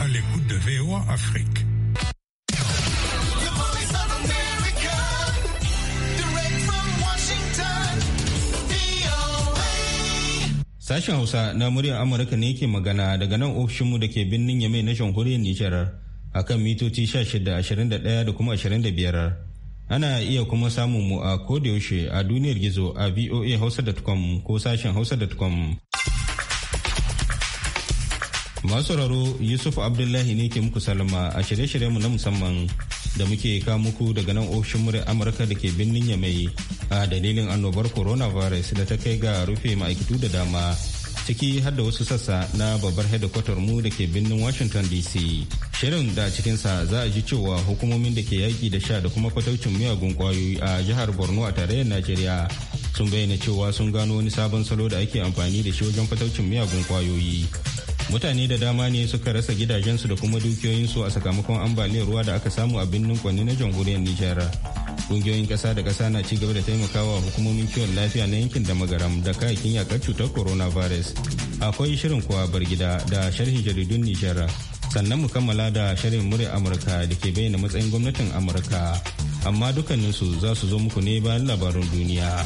à l'écoute de VOA Afrique. Sashen Hausa na muryar Amurka ne ke magana daga nan ofishinmu da ke birnin Yame na jamhuriyar Nijar a kan mitoci 1621 da kuma 25. Ana iya kuma samun mu a kodayaushe a duniyar gizo a voahausa.com ko sashen hausa.com Masu sauraro Yusuf Abdullahi ne ke muku salama a shirye-shiryenmu na musamman da muke kawo muku daga nan ofishin murya Amurka da ke birnin Yamai a dalilin annobar coronavirus da ta kai ga rufe ma'aikatu da dama ciki har da wasu sassa na babbar hedikwatar mu da ke birnin Washington DC. Shirin da cikinsa za a ji cewa hukumomin da ke yaƙi da sha da kuma fataucin miyagun ƙwayoyi a jihar Borno a tarayyar Najeriya sun bayyana cewa sun gano wani sabon salo da ake amfani da shi wajen fataucin miyagun ƙwayoyi. mutane da dama ne suka rasa gidajensu da kuma dukiyoyinsu a sakamakon ambaliyar ruwa da aka samu a birnin kwanni na jamhuriyar nijar kungiyoyin ƙasa da kasa na ci gaba da taimakawa hukumomin kiwon lafiya na yankin da magaram da kayakin yakar cutar corona coronavirus akwai shirin kuwa gida da sharhin jaridun nijar sannan mu kammala da shirin murya amurka da ke bayyana matsayin gwamnatin amurka amma dukkaninsu za su zo muku ne bayan labarin duniya.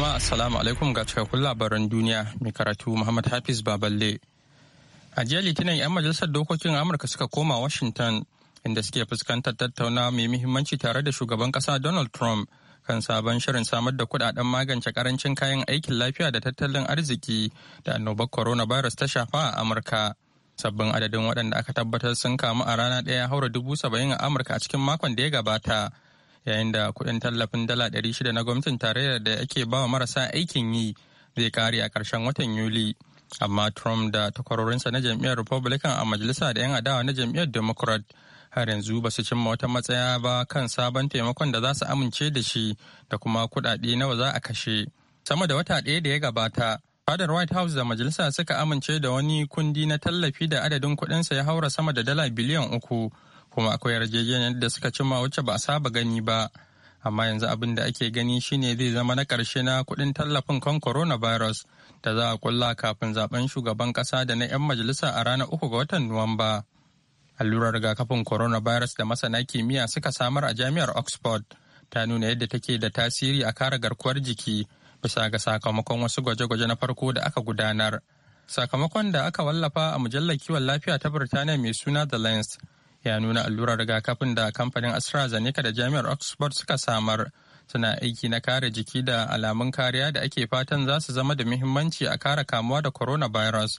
Jama'a Assalamu alaikum ga cikakkun labaran duniya mai karatu Muhammad Hafiz Baballe. A jiya Litinin 'yan majalisar dokokin Amurka suka koma Washington inda suke fuskantar tattauna mai muhimmanci tare da shugaban kasa Donald Trump kan sabon shirin samar da kudaden magance karancin kayan aikin lafiya da tattalin arziki da annobar coronavirus ta shafa a Amurka. Sabbin adadin waɗanda aka tabbatar sun kamu a rana ɗaya haura dubu saba'in a Amurka a cikin makon da ya gabata. yayin da kuɗin tallafin dala ɗari shida na gwamnatin tarayyar da ake bawa marasa aikin yi zai kare a ƙarshen watan yuli amma trump da takwarorinsa na jam'iyyar republican a majalisa da 'yan adawa na jam'iyyar democrat har yanzu ba su cimma wata matsaya ba kan sabon taimakon da za su amince da shi da kuma kuɗaɗe nawa za a kashe sama da wata ɗaya da ya gabata fadar white house da majalisa suka amince da wani kundi na tallafi da adadin kuɗinsa ya haura sama da dala biliyan uku kuma akwai yarjejeniyar da suka cima wacce ba a saba gani ba amma yanzu abin da ake gani shine zai zama na karshe na kuɗin tallafin kan coronavirus da za a kulla kafin zaben shugaban ƙasa da na 'yan majalisa a ranar uku ga watan nuwamba allurar rigakafin coronavirus da masana kimiyya suka samar a jami'ar oxford ta nuna yadda take da tasiri a kare garkuwar jiki bisa ga sakamakon wasu gwaje-gwaje na farko da aka gudanar sakamakon da aka wallafa a mujallar kiwon lafiya ta birtaniya mai suna the lens ya nuna allurar rigakafin da kamfanin AstraZeneca da jami'ar Oxford suka samar suna aiki na kare jiki da alamun kariya da ake fatan za su zama da muhimmanci a kare kamuwa da coronavirus.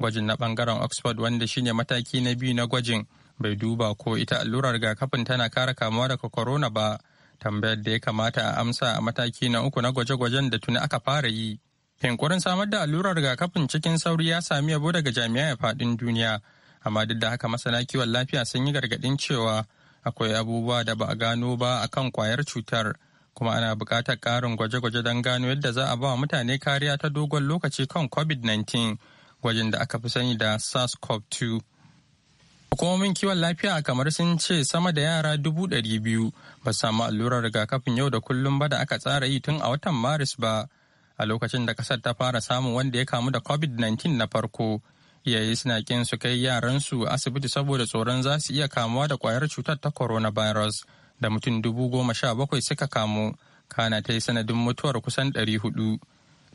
Gwajin na bangaren Oxford wanda shine mataki na biyu na gwajin bai duba ko ita allurar rigakafin tana kare kamuwa da corona ba tambayar da ya kamata a amsa a mataki na uku na gwaje-gwajen da tuni aka fara yi. yankurin samar da allurar rigakafin cikin sauri ya sami yabo daga jami'ai faɗin duniya amma duk da haka masana kiwon lafiya sun yi gargadin cewa akwai abubuwa da ba a gano ba a kan kwayar cutar kuma ana bukatar ƙarin gwaje-gwaje don gano yadda za a ba wa mutane kariya ta dogon lokaci kan covid-19 gwajin da aka fi sani da sars-cov-2 hukumomin kiwon lafiya kamar sun ce sama da yara dubu ɗari biyu ba samu allurar rigakafin yau da kullum ba da aka tsara yi tun a watan maris ba a lokacin da kasar ta fara samun wanda ya kamu da covid-19 na farko iyaye suna kin su kai yaransu asibiti saboda tsoron za su iya kamuwa da kwayar cutar ta coronavirus da mutum dubu goma sha bakwai suka kamu kana ta yi sanadin mutuwar kusan ɗari hudu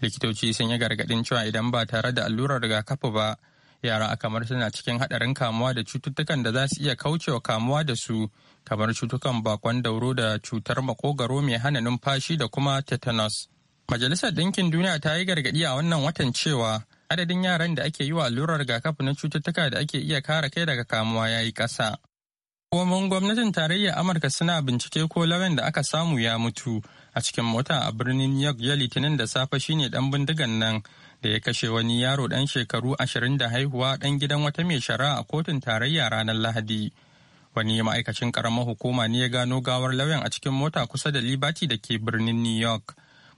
likitoci sun yi gargaɗin cewa idan ba tare da allurar rigakafi ba yara a kamar suna cikin haɗarin kamuwa da cututtukan da za su iya kaucewa kamuwa da su kamar cutukan bakon dauro da cutar makogaro mai hana numfashi da kuma tetanus majalisar ɗinkin duniya ta yi gargaɗi a wannan watan cewa adadin yaran da ake yi wa allurar rigakafi na cututtuka da ake iya kare kai daga kamuwa ya yi ƙasa. komin gwamnatin tarayyar Amurka suna bincike ko lauyan da aka samu ya mutu a cikin mota a birnin New York ya litinin da safe shine dan bindigan nan da ya kashe wani yaro dan shekaru ashirin da haihuwa dan gidan wata mai shara a kotun tarayya ranar Lahadi. Wani ma'aikacin karamar hukuma ne ya gano gawar lauyan a cikin mota kusa da Liberty da ke birnin New York.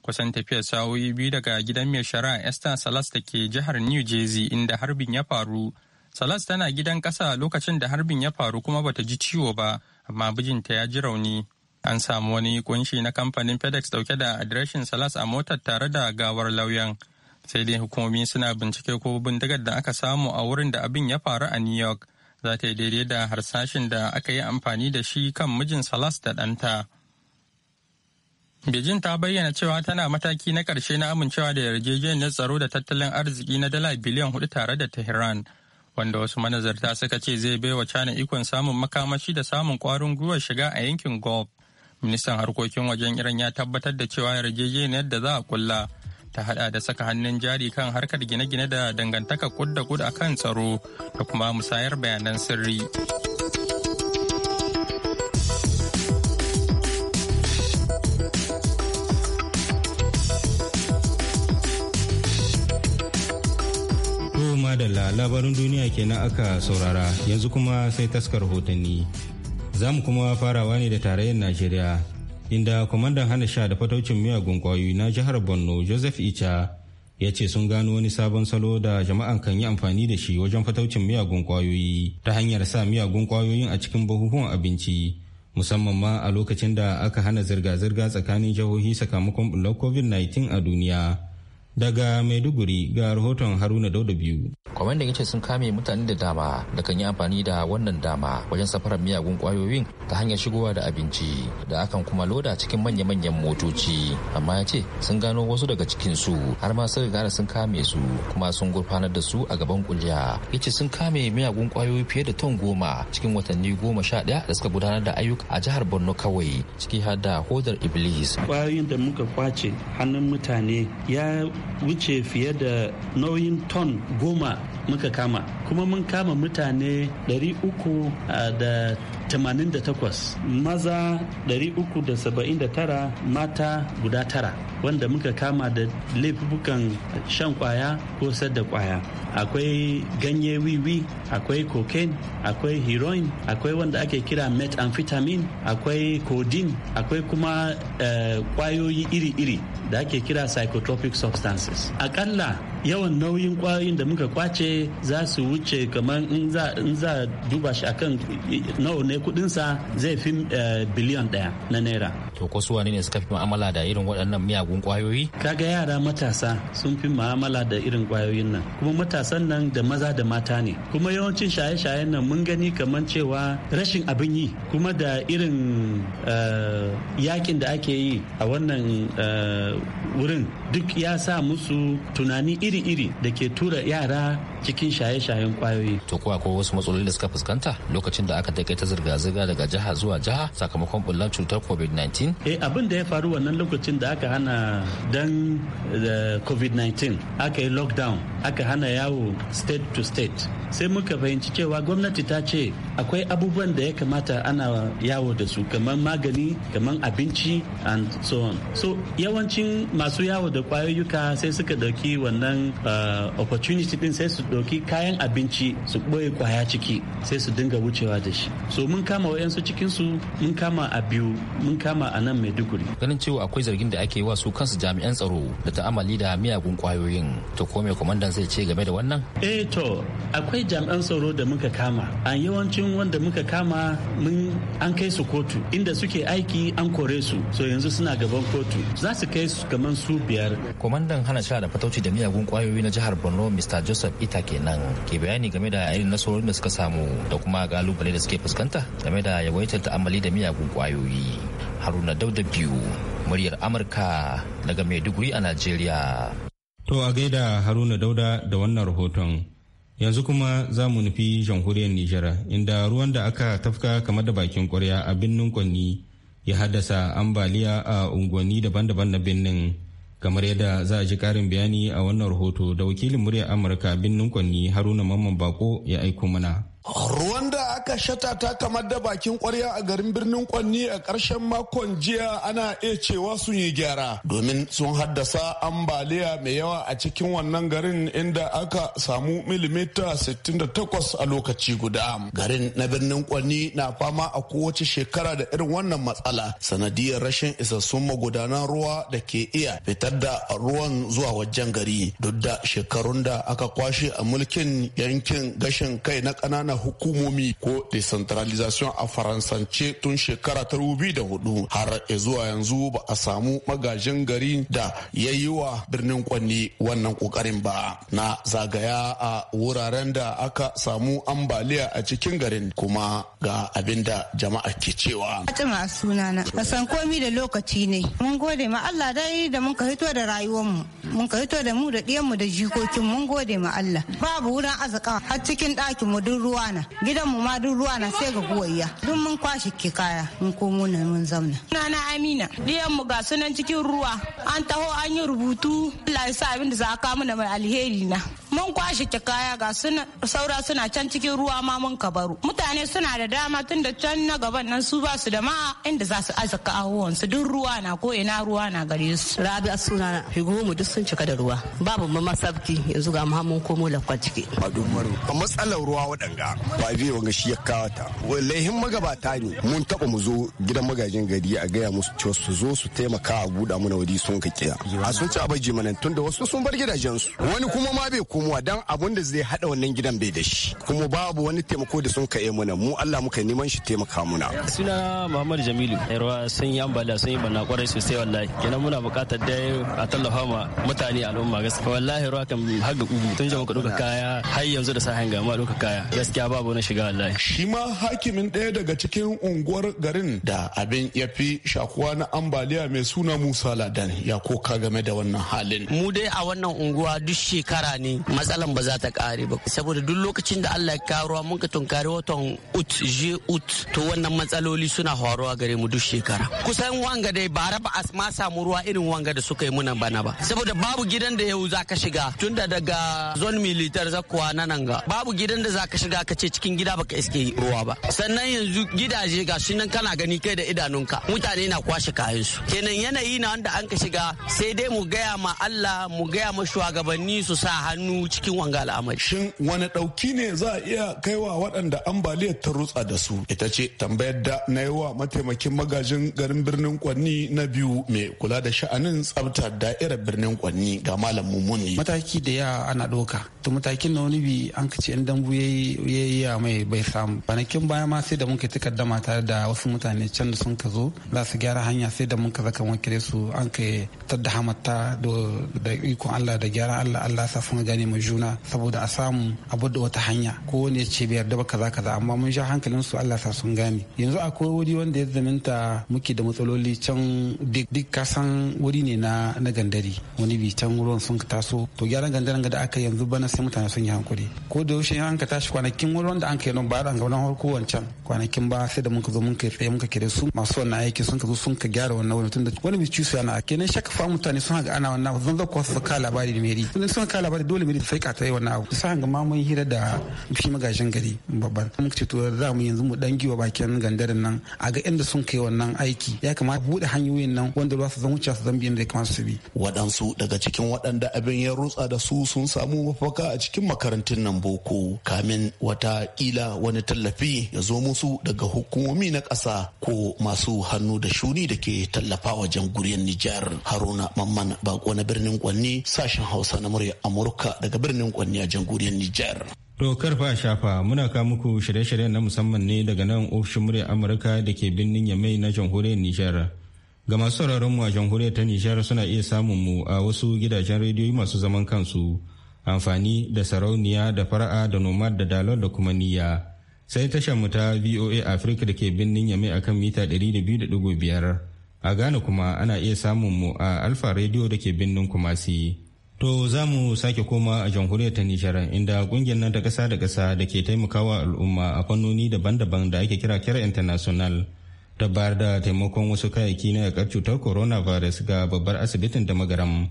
kusan tafiyar sa'o'i biyu daga gidan mai shari'a esther salas da ke jihar new jersey inda harbin ya faru salas tana gidan ƙasa lokacin da harbin ya faru kuma bata ji ciwo ba amma bijinta ya ji rauni an samu wani kunshi na kamfanin fedex dauke da adireshin salas a motar tare da gawar lauyan sai dai hukumomi suna bincike ko bindigar da aka samu a wurin da abin ya faru a new york za ta yi daidai da harsashin da aka yi amfani da shi kan mijin salas da ɗanta. Beijing ta bayyana cewa tana mataki na ƙarshe na amincewa da yarjejeniyar tsaro da tattalin arziki na dala biliyan hudu tare da Tehran, wanda wasu manazarta suka ce zai baiwa China ikon samun makamashi da samun ƙwarin gwiwar shiga a yankin Gulf. Ministan harkokin wajen Iran ya tabbatar da cewa yarjejeniyar da za a kulla ta haɗa da saka hannun jari kan harkar gine-gine da dangantaka kud da kud a kan tsaro da kuma musayar bayanan sirri. labarin duniya kenan aka saurara yanzu kuma sai taskar hotanni. Za mu kuma farawa ne da tarayyar Najeriya inda kwamandan hana sha da fataucin miyagun kwayoyi na jihar Borno Joseph Icha ya ce sun gano wani sabon salo da jama'an kan yi amfani da shi wajen fataucin miyagun kwayoyi ta hanyar sa miyagun kwayoyin a cikin buhuhuwan abinci musamman ma a lokacin da aka hana zirga-zirga tsakanin jihohi sakamakon bular covid-19 a duniya Daga Maiduguri ga rahoton Haruna Dauda biyu. Kwamandan ya ce sun kame mutane da dama da kan yi amfani da wannan dama wajen safarar miyagun kwayoyin ta hanyar shigowa da abinci da akan kuma loda cikin manya-manyan motoci. Amma ya ce sun gano wasu daga cikin su har ma sun gane sun kame su kuma sun gurfanar da su a gaban kuliya. yace sun kame miyagun kwayoyi fiye da ton goma cikin watanni goma sha ɗaya da suka gudanar da ayyuka a jihar Borno kawai ciki har da hodar Iblis. Kwayoyin da muka kwace hannun mutane ya wuce fiye da nauyin ton goma muka kama kuma mun kama mutane 388 maza 379 mata guda tara wanda muka kama da laifukan shan kwaya ko da kwaya akwai ganye wiwi akwai cocaine akwai heroin akwai wanda ake kira methamphetamine akwai codeine akwai kuma eh, kwayoyi iri-iri da ake kira psychotropic substances akalla yawan nauyin kwayoyin da muka kwace za su wuce kamar in za duba shi akan nawa ne kudinsa zai fi eh, biliyan daya na naira to ko su ne suka fi ma'amala da irin waɗannan miyagun kwayoyi kaga yara matasa sun fi ma'amala da irin kwayoyin nan kuma matasan nan da maza da mata ne kuma yawancin shaye-shayen nan mun gani kamar cewa rashin abin yi kuma da irin eh, yakin da ake yi a wannan eh, wurin duk ya sa musu tunani iri-iri da ke tura yara cikin shaye-shayen kwayoyi. To ko wasu matsaloli da suka fuskanta lokacin da aka takaita zirga-zirga daga jiha zuwa jiha sakamakon bullar cutar COVID-19? Eh abin da ya faru wannan lokacin da aka hana dan eh, COVID-19 aka yi lockdown aka hana yawo state to state sai muka fahimci cewa gwamnati ta ce akwai abubuwan da ya kamata ana yawo da su kamar magani kamar abinci and so on so yawancin masu yawo da kwayoyuka sai suka dauki wannan eh, opportunity din sai su ɗauki kayan abinci su ɓoye kwaya ciki sai su dinga wucewa da shi so mun kama wayansu cikin su mun kama a biyu mun kama a nan maiduguri ganin cewa akwai zargin da ake wa su kansu jami'an tsaro da ta'amali da miyagun kwayoyin to ko me kwamandan zai ce game da wannan eh to akwai jami'an tsaro da muka kama a yawancin wanda muka kama mun an kai su kotu inda suke aiki an kore su so yanzu suna gaban kotu za su kai su kamar su biyar kwamandan hana sha da fatauci da miyagun kwayoyi na jihar borno mr joseph ita ke kenan ke bayani game da irin nasarorin da suka samu da kuma galubale da suke fuskanta game da yawaitar ta'amali da miyagun kwayoyi haruna dauda biyu muryar amurka daga maiduguri a najeriya to a gaida haruna dauda da wannan rahoton yanzu kuma za mu nufi jamhuriyar nijar inda ruwan da aka tafka kamar da bakin kwarya a birnin kwanni ya haddasa ambaliya a unguwanni daban-daban na birnin kamar yadda za a ji karin bayani a wannan rahoto da wakilin murya amurka binnin kwanni haruna mamman bako ya aiko mana Ruwan da aka shata ta kamar da bakin kwarya a garin birnin Kwanni a karshen makon jiya ana iya cewa sun yi gyara domin sun haddasa ambaliya mai yawa a cikin wannan garin inda aka samu milimita 68 a lokaci guda. Garin na birnin Kwanni na fama a kowace shekara da irin wannan matsala sanadiyar rashin isassun magudanan ruwa da ke iya fitar da ruwan zuwa wajen gari duk da shekarun da aka kwashe a mulkin yankin gashin kai na ƙananan hukumomi ko decentralization a faransance tun shekara ta hudu har zuwa yanzu ba a samu magajin gari da ya yi wa birnin kwanni wannan kokarin ba na zagaya a wuraren da aka samu ambaliya a cikin garin kuma ga abin da jama'a ke cewa. da lokaci ne. Mun gode ma Allah da mun da da mu da ɗiyanmu da jikokin mun gode ma Allah. Babu wurin azaka har cikin ɗakin mu duk ruwa ruwana na gidanmu ma duk ruwa na sai ga goyiya duk mun kwashe ke kaya mun komo na mun zauna na na amina mu ga sunan cikin ruwa an taho an yi rubutu Allah ya sa abin da za ka mana mai alheri na mun kwashe ke kaya ga suna saura suna can cikin ruwa ma mun ka baro mutane suna da dama tun da can na gaban nan su ba su da ma inda za su azaka ahuwan su duk ruwa na ko ina ruwa na gare su rabi asuna sunana mu duk sun cika da ruwa babu ma masabki yanzu ga mu mun komo lafkwa ciki a matsalar ruwa waɗanga ta ba biye wanga shi ya kawo ta wallahin magabata ne mun taba mu zo gidan magajin gari a gaya musu cewa su zo su taimaka a buɗa mana wadi sun ka kiya a sun ci abaji mana tun da wasu sun bar gidajen su. wani kuma ma bai komowa dan abun da zai hada wannan gidan bai da shi kuma babu wani taimako da sun ka yi mana mu Allah muka neman shi taimaka muna suna Muhammad Jamilu ruwa sun yi ambaliya sun yi bana kwarai sosai wallahi kenan muna buƙatar dai a tallafa ma mutane al'umma gaskiya wallahi ruwa kan haga ugu tun jama'a ka kaya har yanzu da sa hanga ma kaya gaskiya gaskiya babu na shiga wallahi shi ma hakimin ɗaya daga cikin unguwar garin da abin ya fi shakuwa na ambaliya mai suna musa ladan ya koka game da wannan halin mu dai a wannan unguwa duk shekara ne matsalan ba za ta kare ba saboda duk lokacin da allah ya karuwa mun ka tunkari watan ut je ut to wannan matsaloli suna faruwa gare mu duk shekara kusan wanga dai ba raba a ma samu ruwa irin wanga da suka yi muna bana ba saboda babu gidan da yau za ka shiga tunda daga zon militar zakuwa na nan ga babu gidan da za ka shiga ka ce cikin gida baka iske ruwa ba sannan yanzu gidaje ga shi nan kana gani kai da idanunka mutane na kwashe kayansu. kenan yanayi na wanda an ka shiga sai dai mu gaya ma Allah mu gaya ma shugabanni su sa hannu cikin wanga al'amari shin wani dauki ne za a iya kaiwa waɗanda ambaliyar ta rutsa da su ita ce tambayar da na yi wa mataimakin magajin garin birnin Kwanni na biyu mai kula da sha'anin tsabtar da'irar birnin Kwanni ga malam Mumuni mataki da ya ana doka to matakin na wani bi an kace dambu yayi yi a mai bai samu banakin baya ma sai da mun kai takaddama tare da wasu mutane can da sun ka zo za su gyara hanya sai da mun ka zaka wakile su an kai tadda hamata da ikon Allah da gyara Allah Allah sa sun gane mu juna saboda a samu abu da wata hanya ko ne ce bai yarda baka zaka za amma mun sha hankalin su Allah sa sun gane yanzu akwai wuri wanda ya zaminta muke da matsaloli can duk san wuri ne na na gandari wani bi can ruwan sun taso to gyaran ga da aka yanzu bana sai mutane sun yi hankuri ko da yaushe an ka tashi kwanakin cikin wurin da an kai nan bayan ga wannan harko wancan kwanakin ba sai da muka zo muka tsaye muka kire su masu wannan aiki sun ka zo sun ka gyara wannan wani tunda wani ci su yana kenan shaka fa mutane sun haka ana wannan zan zaka su ka labari da meri tunda sun ka labari dole meri sai ka tsaye wannan abu sai ga ma mun hira da shi magajin gari babban muka ce to za mu yanzu mu dan giwa bakin gandarin nan a ga inda sun kai wannan aiki ya kamata bude hanyoyin nan wanda ruwa su zan wuce su zan biyan da ya kamata su bi waɗansu daga cikin waɗanda abin ya rutsa da su sun samu mafaka a cikin makarantun nan boko kamin wata fata kila wani tallafi ya zo musu daga hukumomi na ƙasa ko masu hannu da shuni da ke tallafawa jamhuriyar Nijar. Haruna Mamman bako na birnin Kwanni sashen Hausa na murya Amurka daga birnin Kwanni a jamhuriyar Nijar. Dokar fa shafa muna kawo muku shirye-shiryen na musamman ne daga nan ofishin murya Amurka da ke birnin Yamai na jamhuriyar Nijar. Ga masu sauraron mu a jamhuriyar ta Nijar suna iya samun mu a wasu gidajen rediyo masu zaman kansu. amfani da sarauniya da fara'a da nomad da dalar da kuma niyya sai tashar mu ta voa Afirka da ke birnin yame akan mita 200.5 a ghana kuma ana iya samun mu a alfa radio da ke birnin kumasi To za mu sake koma a jamhuriyar ta nishar inda kungiyar nan ta ƙasa da ƙasa da ke taimakawa al'umma a fannoni daban-daban da ake kira kira international ta bayar da taimakon wasu kayayyaki na yakar cutar coronavirus ga babbar asibitin da magaram.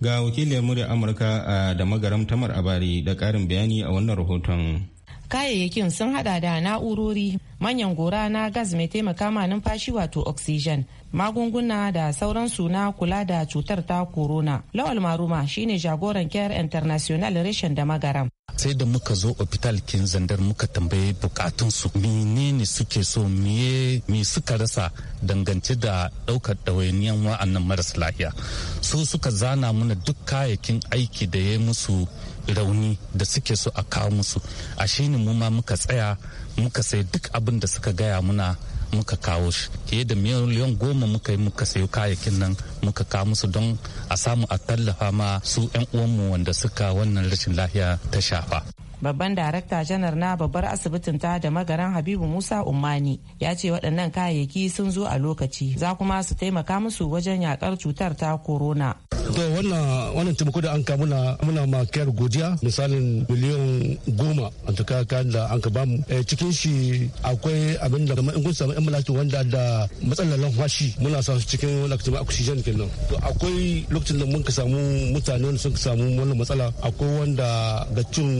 Ga wakiliyar murya Amurka a da magaram Tamar Abari da karin bayani a wannan rahoton. Kayayyakin sun hada da na'urori, manyan gora na gas mai taimaka ma numfashi wato oxygen, magunguna da sauransu na kula da cutar ta corona. Lawal Maruma shine jagoran Care International reshen da magaram. sai da muka zo hospital kin zandar muka tambaye bukatun su menene suke so me suka rasa dangance da daukar ɗawainiyan wa'annan maras lafiya su suka zana mana duk kayayyakin aiki da ya musu rauni da suke so a kawo musu a ne mu ma muka tsaya muka sai duk abin da suka gaya muna muka kawo shi fiye da miliyan goma muka yi muka sayo kayayyakin nan muka kawo musu don a samu a tallafa ma su 'yan uwanmu wanda suka wannan rashin lafiya ta shafa babban darakta janar na babbar asibitin ta da magaran habibu musa umani ya ce waɗannan kayayyaki sun zo a lokaci za kuma su taimaka musu wajen yakar cutar ta corona to wannan wannan taimako da an ka muna muna ma kayar godiya misalin miliyan goma a tuka kayan da an ka bamu eh, cikin shi akwai abin da in kun samu yan malaki wanda da matsalar lanfashi muna sa su cikin wani kuma oxygen kenan to akwai lokacin da mun ka samu mutane wanda sun ka samu wannan matsala akwai wanda ga cin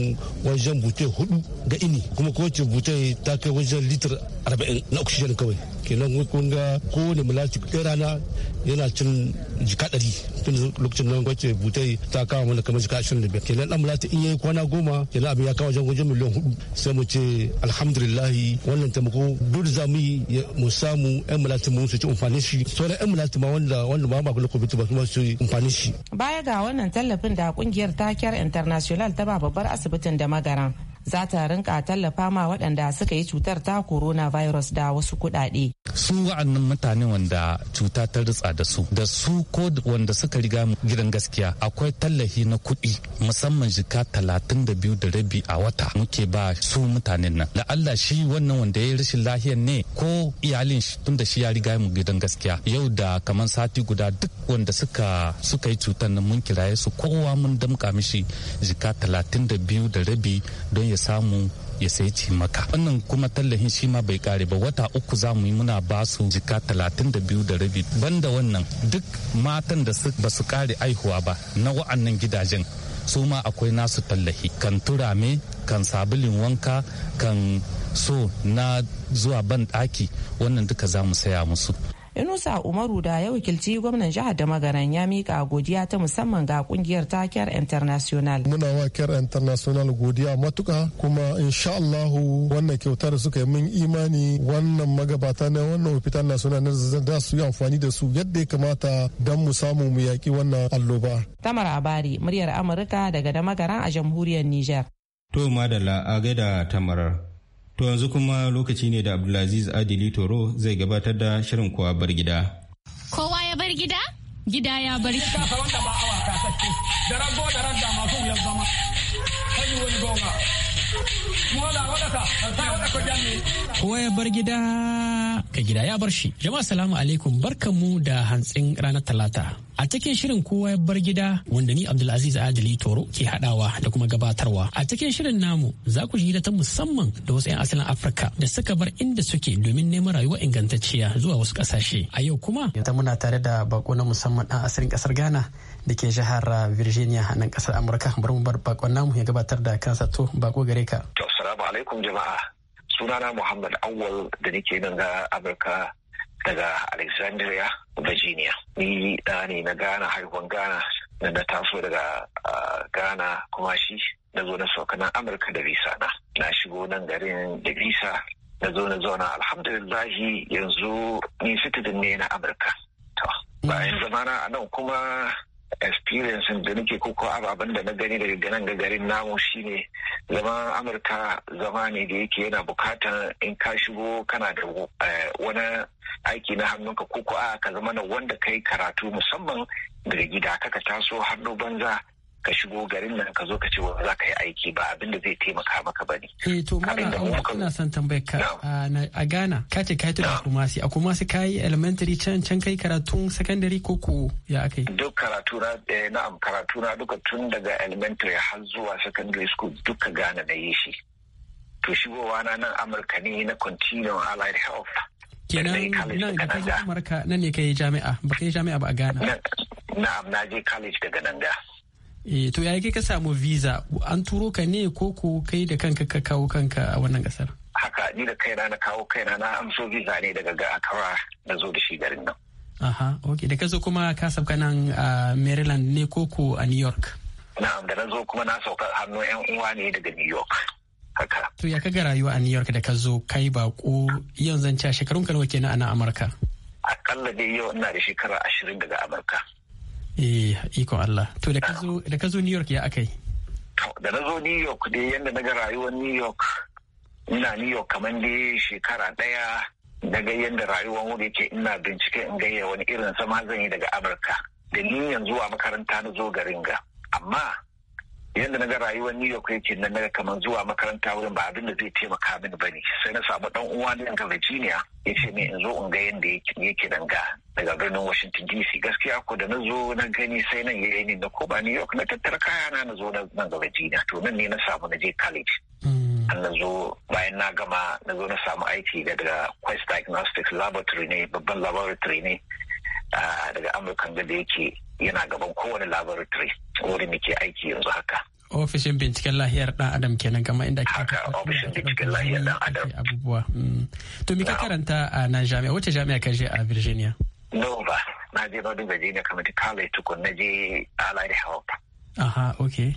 wajen butai hudu ga ini kuma kowace butai ta kai wajen litir arba'in na oxygen kawai kenan kun ga kowane mulastik ɗaya rana yana cin jika ɗari tun lokacin nan kwace butai ta kawo mana kamar jika ashirin da biyar kenan ɗan mulastik in yayi kwana goma kenan abin ya kawo wajen wajen miliyan hudu sai mu ce alhamdulillahi wannan taimako duk za mu yi mu samu yan mulastik mu su ci amfani shi sauran yan mulastik ma wanda wanda ba ma kula bitu ba su ci amfani shi. baya ga wannan tallafin da kungiyar takiyar international ta ba babbar asibitin da magaran za ta rinka tallafa ma waɗanda suka yi cutar ta coronavirus da wasu kuɗaɗe su wa'annan mutane wanda cuta ta ritsa da su da su ko wanda suka riga gidan gaskiya akwai tallafi na kuɗi musamman jika talatin da biyu da rabi a wata muke ba su mutanen nan la'alla shi wannan wanda ya yi rashin lahiyar ne ko iyalin shi da shi ya riga mu gidan gaskiya yau da kamar sati guda duk wanda suka suka yi cutar nan mun kiraye su kowa mun damƙa mishi jika talatin da biyu da rabi don ya samu ya sayi maka wannan kuma tallafin shi ma bai kare ba wata uku za mu yi muna ba su jika talatin da biyu da rabi banda wannan duk matan da ba su kare aihuwa ba na wa'annan gidajen su ma akwai nasu tallafi kan turame kan sabulin wanka kan so na zuwa ban daki wannan duka za mu saya musu Inusa Umaru da ya wakilci gwamnan jihar da magaran ya mika godiya ta musamman ga kungiyar ta Care International. Muna wa Care International godiya matuka kuma insha Allahu wannan kyautar da suka yi min imani wannan magabata na wannan hospital national na za su yi amfani da su yadda ya kamata don mu samu mu yaƙi wannan alloba. Tamar Abari, muryar Amurka daga da magaran a jamhuriyar Nijar. To madalla a gaida tamarar. To yanzu kuma lokaci ne da Abdulaziz Adili Toro zai gabatar da shirin kowa bar gida. Kowa ya bar gida? Gida ya bar gida. Kowa ya bar gida ka gida ya bar shi. Jama'a salamu alaikum barkanmu da hantsin ranar talata. A cikin shirin kowa ya bar gida wanda ni Abdulaziz Adili Toro ke hadawa da kuma gabatarwa. A cikin shirin namu za ku ji ta musamman da wasu 'yan asalin Afirka da suka bar inda suke domin neman rayuwa ingantacciya zuwa wasu kasashe. A yau kuma. Yanzu muna tare da bako na musamman dan asalin kasar Ghana da ke jihar uh, Virginia a nan kasar Amurka. Bari mu bar bakon namu ya gabatar da kansa to bako gare ka. Assalamu alaikum jama'a. Sunana Muhammad Awal da nake nan ga uh, Amurka daga Alexandria, Virginia. Ni da ne na Ghana, haihuwan Ghana, da na taso daga Ghana kuma shi na zo na sauka na Amurka da visa na. Na shigo nan garin da visa na zo na zauna alhamdulillahi yanzu ni citizen ne na Amurka. To, bayan mm. zamana a nan kuma experience da nake koko ababen da na gani daga ganin ga garin namu shine zama amurka zama ne da yake yana bukatar in ka shigo kana da eh, wani aiki na hannunka koko a ka zama na wanda ka yi karatu musamman daga gida kaka taso hannu banza ka shigo garin nan ka zo ka ce za ka yi aiki ba abin da zai taimaka maka ba ne. Eh to mana ina son tambayar ka ah, a Ghana ka ce ka yi a Kumasi a Kumasi ka yi elementary can can kai karatun secondary ko ko ya aka yi. Duk karatu na eh, na'am karatu na duka tun daga elementary har zuwa secondary school duka Ghana na yi shi. To shigowa na nan Amurka ne na continuum allied health. kenan nan da kai amurka nan ne yi jami'a ba ka yi jami'a ba a ghana na'am na je college daga nan da e to ya kai ka samu visa an turo ka ne ko ko kai da kanka ka kawo kanka a wannan kasar haka ni da kaina na kawo kaina na amso visa ne daga ga akara na zo da shi garin nan aha okay da ka zo kuma ka sauka nan a maryland ne ko ko a new york na'am da na zo kuma na sauka hannu yan uwa ne daga new york haka to ya kaga rayuwa a new york da ka zo kai bako yanzu zan ca shekarun ka nawa kenan a nan amurka akalla dai yau ina da shekara ashirin daga amurka eh ikon Allah to da ka zo New York ya akai to da na zo New York da yadda na ga rayuwar New York ina New York kamar da shekara daya daga yadda rayuwar wuri ke ina bincike in gayya wani irin sama zan yi daga Amurka da ni yanzu a makaranta na zo garin ga amma yadda na ga rayuwar New York yake na na kamar zuwa makaranta wurin ba abin da zai taimaka ba ne sai na samu dan uwa ne daga Virginia ya ce min in zo in ga yadda yake ga daga birnin Washington DC gaskiya ko da na zo na gani sai nan ya ni na koma New York na tattara kayana na zo nan ga Virginia to nan ne na samu na je college hmm. na zo bayan na gama na zo na samu aiki daga Quest Diagnostics Laboratory ne babban laboratory ne ah, daga Amurkan da yake yana gaban kowane laboratory wurin da ke aiki yanzu haka ofishin binciken lahiyar dan adam kenan kama inda ke. haka ofishin binciken lahiyar dan adam abubuwa mm. to me ka karanta a nan jami'a wace jami'a ka je a virginia nova na je northern virginia community college tukun na je allied health aha okay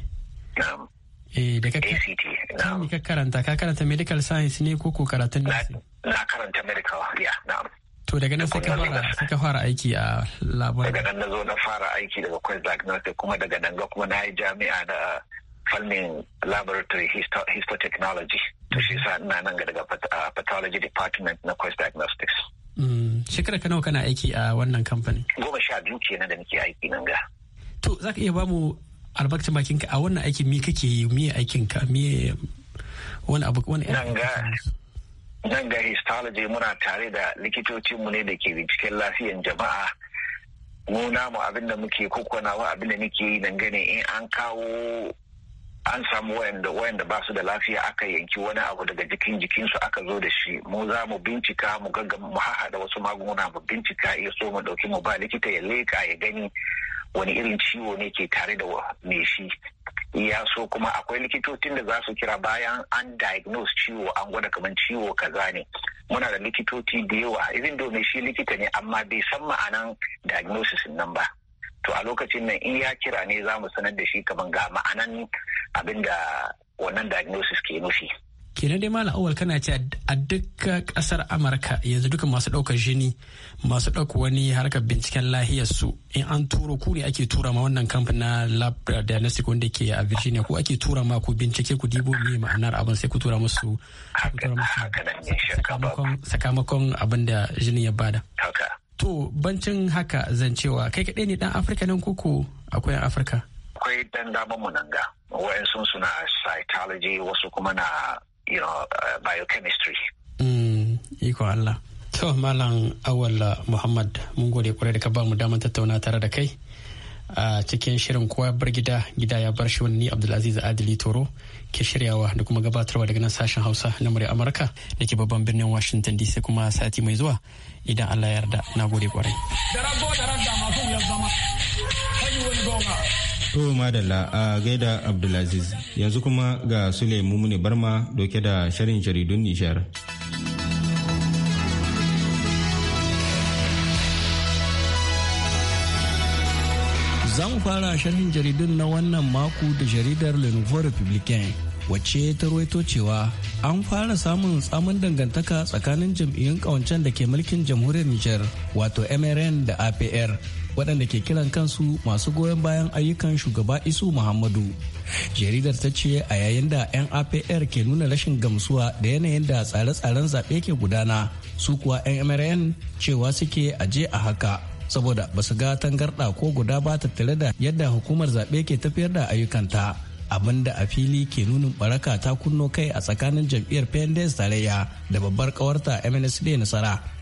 eh da ka ACT na'am ka karanta ka karanta medical science ne ko ko karatun na karanta medical ya na'am To daga nan sai ka fara sai ka fara aiki a labarin. Daga nan na zo na fara aiki daga Quest Diagnostic kuma daga nan ga kuma na yi jami'a da fannin laboratory histotechnology. To shi mm-hmm. sa ina nan ga daga pathology department na Quest Diagnostics. Mm, Shekara ka nawa kana aiki a wannan kamfani? Goma sha biyu kenan da nake aiki nan ga. To za ka iya ba mu albarkacin bakinka a wannan aikin me kake yi me ka me wani abu wani abu. Nan ga nan ga histology muna tare da likitocinmu ne da ke binciken lafiyan jama'a mu namu da muke kokonawa da muke yi dangane in an kawo an samu wayanda da ba su da lafiya aka yanki wani abu daga jikin jikinsu aka zo da shi mu za mu bincika mu gagga mu da wasu magunguna mu bincika ya so mu ɗauki mu ba likita ya leka ya gani wani irin ciwo ne ke tare da mai shi ya so kuma akwai likitocin da za su kira bayan an diagnose ciwo an gwada kamar ciwo kaza ne muna da likitoci da yawa izin domin shi likita ne amma bai san ma'anan diagnosis nan ba to a lokacin nan in ya kira ne za mu sanar da shi kamar ga ma'anan abin da wannan diagnosis ke nufi kenan dai mala awal kana ce a duka kasar amurka yanzu duka masu ɗaukar jini masu ɗauka wani harkar binciken lahiyar su in an turo ku ne ake tura ma wannan kamfan na lab diagnostic wanda ke a virginia ko ake tura ma ku bincike ku dibo ne ma'anar abin sai ku tura musu sakamakon abin da jini ya bada to bancin haka zan cewa kai kaɗai ne dan afirka nan koko akwai afirka akwai dan damar mu nan ga wayan sun suna cytology wasu kuma na you know uh, biochemistry mm iko Allah to malam awala uh, muhammad mun gode kwarai da ka ba mu damar tattauna tare da kai a cikin shirin kowa bar gida gida ya bar shi wani abdulaziz adili toro ke shiryawa da kuma gabatarwa daga nan sashen hausa na murya amurka da ke babban birnin washington dc kuma sati mai zuwa idan allah yarda na gode kwarai. To madalla a gaida Abdulaziz yanzu kuma ga Sule Mumuni Barma doke da shirin jaridun Nishar. Za fara shirin jaridun na wannan mako da jaridar Le Nouveau Republicain. wacce ta ruwaito cewa an fara samun tsamin dangantaka tsakanin jam'iyyun kawancen da ke mulkin jamhuriyar Nijar wato MRN da APR waɗanda ke kiran kansu masu goyon bayan ayyukan shugaba isu muhammadu jaridar ta ce a yayin da 'yan apr ke nuna rashin gamsuwa da yanayin da tsare-tsaren zaɓe ke gudana su kuwa 'yan mrn cewa suke aje a haka saboda ba su ga tangarɗa ko guda ba tattare da yadda hukumar zaɓe ke tafiyar da ayyukanta abinda a fili ke nunin baraka ta kunno kai a tsakanin jam'iyyar pendes tarayya da babbar kawarta mnsd nasara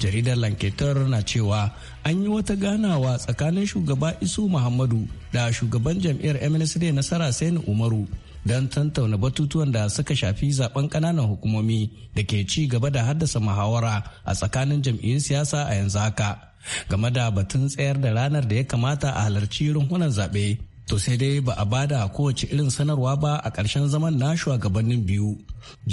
jaridar lanketar na cewa an yi wata ganawa tsakanin shugaba isu muhammadu da shugaban jam'iyyar mnsd nasara sani umaru don tantauna batutuwan da suka shafi zaben kananan hukumomi da ke ci gaba da haddasa muhawara a tsakanin jam'iyyun siyasa a yanzu haka game da batun tsayar da ranar da ya kamata a halarci runhunan zaɓe to sai dai ba a bada kowace irin sanarwa ba a ƙarshen zaman na shugabannin biyu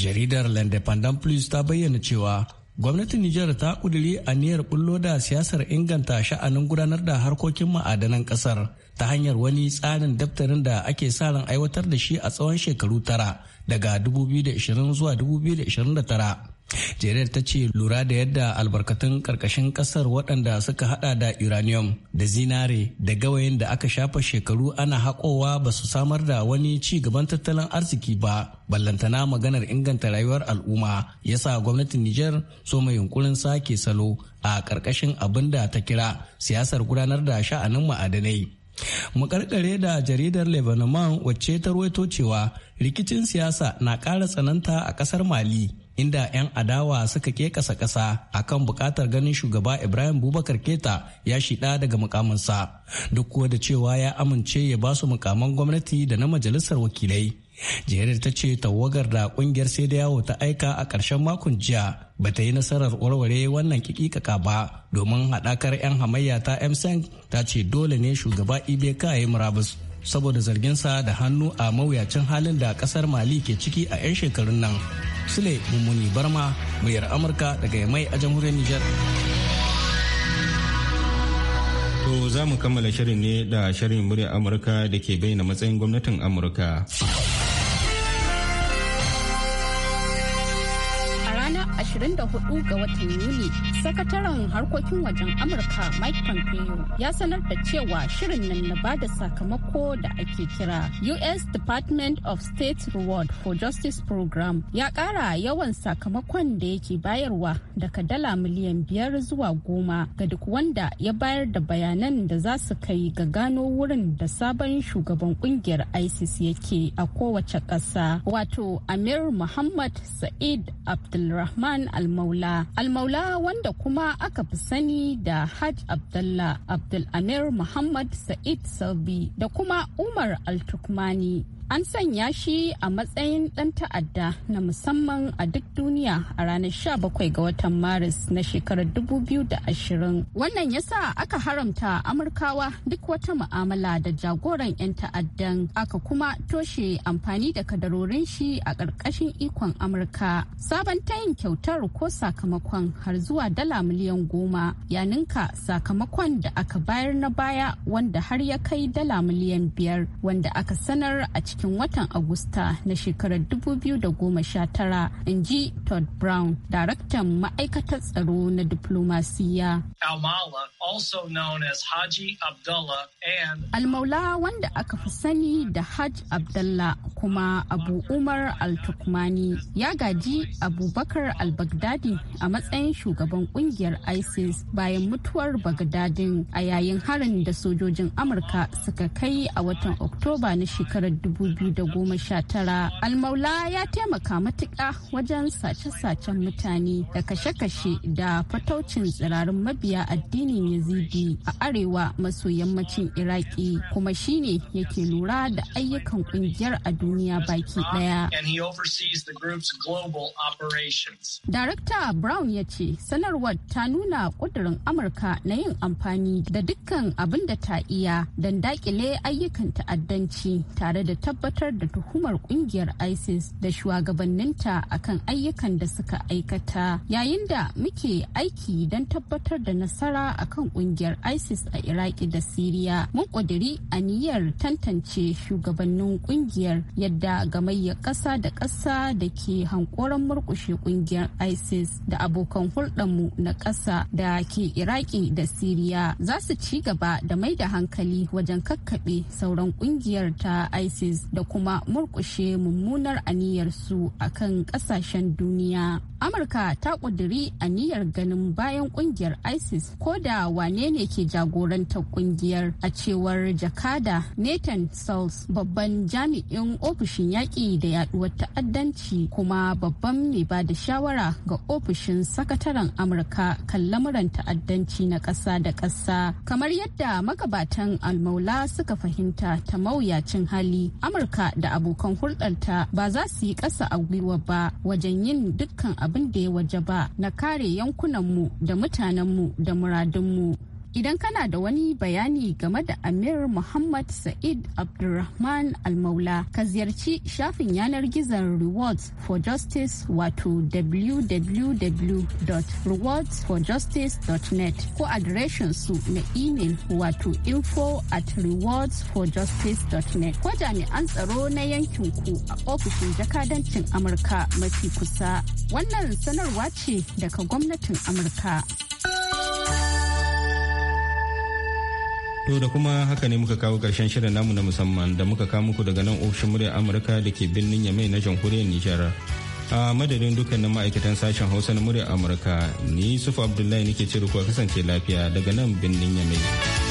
jaridar l'independent plus ta bayyana cewa gwamnatin Nijar ta a aniyar bullo da siyasar inganta sha'anin gudanar da harkokin ma'adanan ƙasar ta hanyar wani tsarin daftarin da ake sa ran aiwatar da shi a tsawon shekaru tara daga 2020 zuwa 2029 jerry ta ce lura da yadda albarkatun karkashin kasar waɗanda suka hada da uranium da zinare da gawayin da aka shafa shekaru ana haƙowa ba su samar da wani ci gaban tattalin arziki ba ballantana maganar inganta rayuwar al'umma ya sa gwamnatin niger so mai yunkurin sake salo a karkashin abin da ta kira siyasar gudanar da sha'anin ma'adanai makarkare da jaridar lebanon wacce ta ruwaito cewa rikicin siyasa na ƙara tsananta a ƙasar mali inda 'yan adawa suka ke kasa kasa a kan bukatar ganin shugaba Ibrahim Bubakar Keta ya shida daga mukamansa duk kuwa da cewa ya amince ya ba su mukaman gwamnati da na majalisar wakilai. jihar ta ce tawagar da kungiyar sai da yawo ta aika a ƙarshen makon jiya ba ta yi nasarar warware wannan kikikaka ba domin haɗakar 'yan hamayya ta msn e ta ce dole ne shugaba ibeka ya murabus saboda zarginsa da hannu a mawuyacin halin da kasar mali ke ciki a 'yan shekarun nan sule mummuni barma muryar amurka daga mai a jamhuriyar nijar to za mu kammala shirin ne da shirin muryar amurka da ke bayyana matsayin gwamnatin amurka 24 ga watan Yuni, sakataren harkokin wajen Amurka Mike Pompeo ya sanar da cewa shirin nan na bada sakamako da ake kira U.S. Department of State Reward for Justice Program ya ƙara yawan sakamakon da yake bayarwa daga dala miliyan biyar zuwa goma ga duk wanda ya bayar da bayanan da za su kai ga gano wurin da sabon shugaban kungiyar ISIS yake a kowace ƙasa. Wato Amir Muhammad Sa'id Abdulrahman almaula almaula wanda kuma aka fi sani da hajj abdullah abdul amir muhammad sa'id salbi da kuma umar al-tukmani an sanya shi a matsayin ɗan ta'adda na musamman a duk duniya a ranar 17 ga watan maris na shekarar 2020 wannan ya sa aka haramta amurkawa duk wata mu'amala da jagoran 'yan ta'addan aka kuma toshe amfani da kadarorin shi a ƙarƙashin ikon amurka sabon tayin kyautar ko sakamakon har zuwa dala miliyan goma ya ninka sakamakon da aka bayar na baya wanda har ya kai dala miliyan biyar wanda aka sanar a cikin cikin watan Agusta na shekarar 2019, in ji Todd Brown, daraktan ma'aikatar tsaro na diplomasiya. Almaula wanda aka fi sani da Hajj abdullah kuma Abu Umar Al-Tukmani ya gaji Abubakar Al-Baghdadi a matsayin shugaban kungiyar ISIS bayan mutuwar Baghdadin a yayin harin da sojojin Amurka suka kai a watan Oktoba na shekarar 2000. 2019 almaula ya taimaka matuƙa wajen sace-sacen mutane da kashe-kashe da fataucin tsirarin mabiya addinin yazidi a arewa maso yammacin iraki kuma shine yake lura da ayyukan kungiyar a duniya baki daya darakta brown ya ce sanarwar ta nuna kudurin amurka na yin amfani da dukkan abin da ta iya don dakile ayyukan ta'addanci tare da tab tabbatar da tuhumar kungiyar isis da shugabanninta akan ayyukan da suka aikata yayin da muke aiki don tabbatar da nasara akan kungiyar isis a iraki da siriya mun ƙudiri aniyar tantance shugabannin kungiyar yadda gamayyar ƙasa da ƙasa da ke hankoron murkushe kungiyar isis da abokan hulɗarmu na ƙasa da ke iraki da siriya za su ci gaba da mai da hankali wajen kakkaɓe sauran kungiyar ta isis isis da kuma murkushe mummunar aniyarsu a kan kasashen duniya amurka ta ƙudiri aniyar ganin bayan ƙungiyar isis ko da wane ne ke jagorantar ƙungiyar? a cewar jakada nathan sauls babban jami'in ofishin yaƙi da yaɗuwar ta'addanci kuma babban mai ba da shawara ga ofishin sakataren amurka kan lamuran ta'addanci na ƙasa da ƙasa kamar yadda magabatan almaula suka fahimta ta mawuyacin hali amurka da abokan hulɗarta ba za su yi ƙasa a gwiwa ba wajen yin dukkan abin da ya waje ba na kare yankunanmu da mutanenmu da muradunmu idan kana da wani bayani game da amir muhammad sa'id abdulrahman almaula ka ziyarci shafin yanar gizon rewards for justice wato www.rewardsforjustice.net ko adireshin su na imel wato info at rewardsforjustice.net ko jami'an tsaro na yankin ku a ofishin jakadancin amurka mafi kusa wannan sanarwa ce daga gwamnatin amurka. To da kuma haka ne muka kawo karshen shirin namu na musamman da muka kawo muku daga nan ofishin muryar Amurka da ke birnin Yamai na jamhuriyar Nijar. A madadin dukkanin ma'aikatan sashen Hausa na muryar Amurka, ni Sufa Abdullahi nake ce ku kasance lafiya daga nan birnin Yamai.